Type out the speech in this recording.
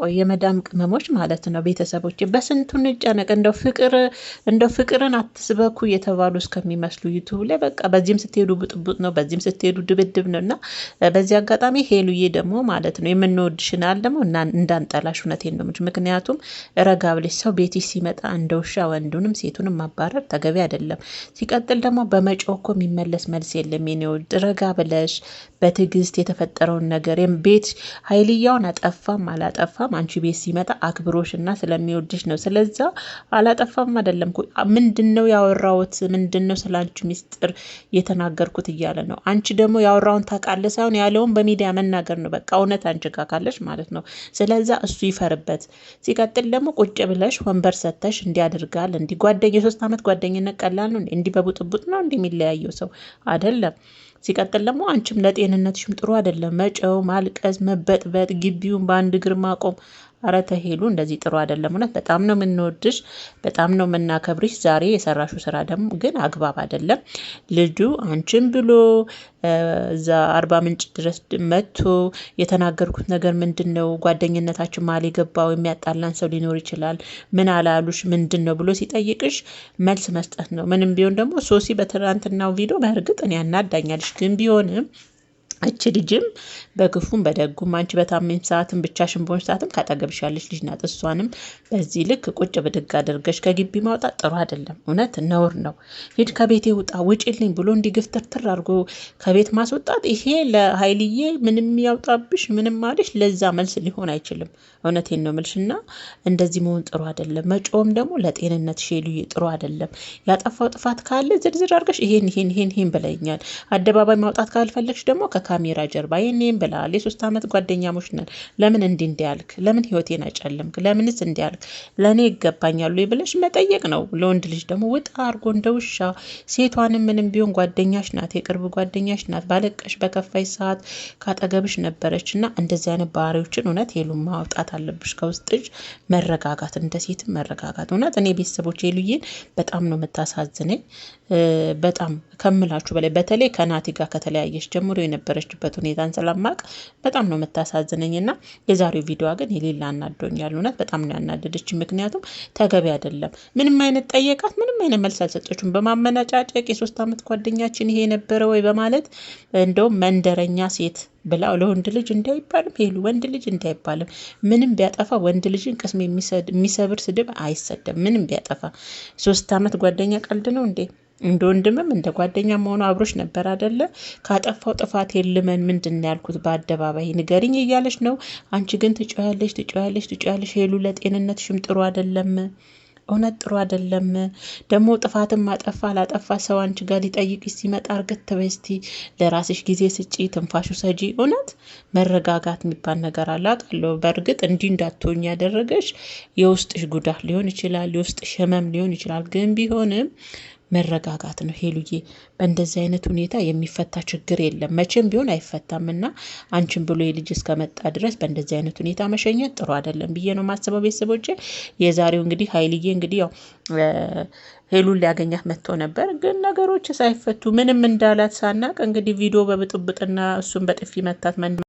ቆይ የመዳም ቅመሞች ማለት ነው ቤተሰቦች በስንቱ እንጨነቅ። እንደው ፍቅር እንደው ፍቅርን አትስበኩ የተባሉ እስከሚመስሉ ዩቱብ ላይ በቃ በዚህም ስትሄዱ ብጥብጥ ነው፣ በዚህም ስትሄዱ ድብድብ ነው። እና በዚህ አጋጣሚ ሄሉዬ ደግሞ ማለት ነው የምንወድሽናል ደግሞ እንዳንጠላሽ፣ እውነቴን ነው። ምክንያቱም ረጋ ብለሽ ሰው ቤትሽ ሲመጣ እንደ ውሻ ወንዱንም ሴቱንም ማባረር ተገቢ አይደለም። ሲቀጥል ደግሞ በመጮህ እኮ የሚመለስ መልስ የለም። የኔውድ ረጋ ብለሽ በትዕግስት የተፈጠረውን ነገር ቤት ሀይልያውን አጠፋም አላጠፋም አላጠፋም፣ አንቺ ቤት ሲመጣ አክብሮሽ እና ስለሚወድሽ ነው። ስለዛ አላጠፋም አይደለም። ምንድን ነው ያወራሁት? ምንድን ነው ስለ አንቺ ሚስጥር የተናገርኩት እያለ ነው። አንቺ ደግሞ ያወራውን ታውቃለህ ሳይሆን ያለውን በሚዲያ መናገር ነው። በቃ እውነት አንቺ ጋር ማለት ነው። ስለዛ እሱ ይፈርበት። ሲቀጥል ደግሞ ቁጭ ብለሽ ወንበር ሰተሽ እንዲያደርጋል እንዲ ጓደኛ የሶስት ዓመት ጓደኝነት ቀላል ነው እንዲ በቡጥቡጥ ነው እንዲ የሚለያየው ሰው አይደለም። ሲቀጥል ደግሞ አንቺም ለጤንነትሽም ጥሩ አይደለም። መጨው፣ ማልቀስ፣ መበጥበጥ፣ ግቢውን በአንድ እግር ማቆም አረተ ሄሉ እንደዚህ ጥሩ አይደለም። እውነት በጣም ነው የምንወድሽ፣ በጣም ነው የምናከብርሽ። ዛሬ የሰራሹ ስራ ደግሞ ግን አግባብ አይደለም። ልጁ አንቺን ብሎ እዛ አርባ ምንጭ ድረስ መጥቶ የተናገርኩት ነገር ምንድን ነው? ጓደኝነታችን መሀል የገባው የሚያጣላን ሰው ሊኖር ይችላል። ምን አላሉሽ? ምንድን ነው ብሎ ሲጠይቅሽ መልስ መስጠት ነው። ምንም ቢሆን ደግሞ ሶሲ በትናንትናው ቪዲዮ በእርግጥ እኔ ያናዳኛልሽ ግን ቢሆንም እች ልጅም በክፉም በደጉም አንቺ በታመኝ ሰዓትም ብቻሽን በሆንሽ ሰዓትም ካጠገብሽ ያለች ልጅ ናት። እሷንም በዚህ ልክ ቁጭ ብድግ አድርገሽ ከግቢ ማውጣት ጥሩ አይደለም፣ እውነት ነውር ነው። ሂድ ከቤቴ ውጣ፣ ውጭልኝ ብሎ እንዲህ ግፍትርትር አድርጎ ከቤት ማስወጣት ይሄ ለሀይልዬ ምንም ያውጣብሽ ምንም አለሽ ለዛ መልስ ሊሆን አይችልም። እውነቴን ነው የምልሽና እንደዚህ መሆን ጥሩ አይደለም። መጮም ደግሞ ለጤንነት ሼሉዬ ጥሩ አይደለም። ያጠፋው ጥፋት ካለ ዝርዝር አድርገሽ ይሄን ይሄን ይሄን ይሄን ብለኛል። አደባባይ ማውጣት ካልፈለግሽ ደግሞ ከካ ከካሜራ ጀርባ የኔም ብላል። የሶስት ዓመት ጓደኛሞች ነን። ለምን እንዲ እንዲያልክ? ለምን ህይወቴን አጨለምክ? ለምንስ እንዲያልክ? ለእኔ ይገባኛሉ ብለሽ መጠየቅ ነው። ለወንድ ልጅ ደግሞ ውጣ አርጎ እንደ ውሻ። ሴቷንም ምንም ቢሆን ጓደኛሽ ናት፣ የቅርብ ጓደኛሽ ናት። ባለቀሽ በከፋይ ሰዓት ካጠገብሽ ነበረች እና እንደዚህ አይነት ባህሪዎችን እውነት ሄሉ ማውጣት አለብሽ ከውስጥሽ። መረጋጋት፣ እንደ ሴት መረጋጋት። እውነት እኔ ቤተሰቦች ሄሉዬን በጣም ነው የምታሳዝነኝ፣ በጣም ከምላችሁ በላይ በተለይ ከናቲ ጋር ከተለያየች ጀምሮ የነበረች የተዘጋጀችበት ሁኔታን ስለማቅ በጣም ነው የምታሳዝነኝ። ና የዛሬው ቪዲዮ ግን የሌላ አናዶኛል። እውነት በጣም ነው ያናደደች። ምክንያቱም ተገቢ አይደለም። ምንም አይነት ጠየቃት፣ ምንም አይነት መልስ አልሰጠችም። በማመናጫጨቅ የሶስት ዓመት ጓደኛችን ይሄ የነበረ ወይ በማለት እንደውም መንደረኛ ሴት ብላ ለወንድ ልጅ እንዳይባልም ሄሉ ወንድ ልጅ እንዳይባልም ምንም ቢያጠፋ ወንድ ልጅን ቅስም የሚሰብር ስድብ አይሰደብ። ምንም ቢያጠፋ ሶስት ዓመት ጓደኛ ቀልድ ነው እንዴ? እንደ ወንድምም እንደ ጓደኛ መሆኑ አብሮች ነበር አደለ? ካጠፋው ጥፋት የልመን ምንድን ያልኩት በአደባባይ ንገሪኝ እያለች ነው። አንቺ ግን ትጮያለሽ፣ ትጮያለሽ፣ ትጮያለሽ። ሄሉ ለጤንነትሽም ጥሩ አደለም። እውነት ጥሩ አደለም። ደግሞ ጥፋትም አጠፋ አላጠፋ ሰው አንቺ ጋር ሊጠይቅ ሲመጣ እርግት ትበስቲ እስቲ፣ ለራስሽ ጊዜ ስጪ፣ ትንፋሹ ሰጂ። እውነት መረጋጋት የሚባል ነገር አላት አለው። በእርግጥ እንዲህ እንዳትሆኝ ያደረገሽ የውስጥሽ ጉዳት ሊሆን ይችላል፣ የውስጥሽ ህመም ሊሆን ይችላል። ግን ቢሆንም መረጋጋት ነው። ሄሉዬ በእንደዚህ አይነት ሁኔታ የሚፈታ ችግር የለም፣ መቼም ቢሆን አይፈታም እና አንቺን ብሎ የልጅ እስከመጣ ድረስ በእንደዚህ አይነት ሁኔታ መሸኘት ጥሩ አይደለም ብዬ ነው ማስበው። ቤተሰቦቼ የዛሬው እንግዲህ ሀይልዬ እንግዲህ ያው ሄሉን ሊያገኛት መጥቶ ነበር፣ ግን ነገሮች ሳይፈቱ ምንም እንዳላት ሳናቅ እንግዲህ ቪዲዮ በብጥብጥና እሱን በጥፊ መታት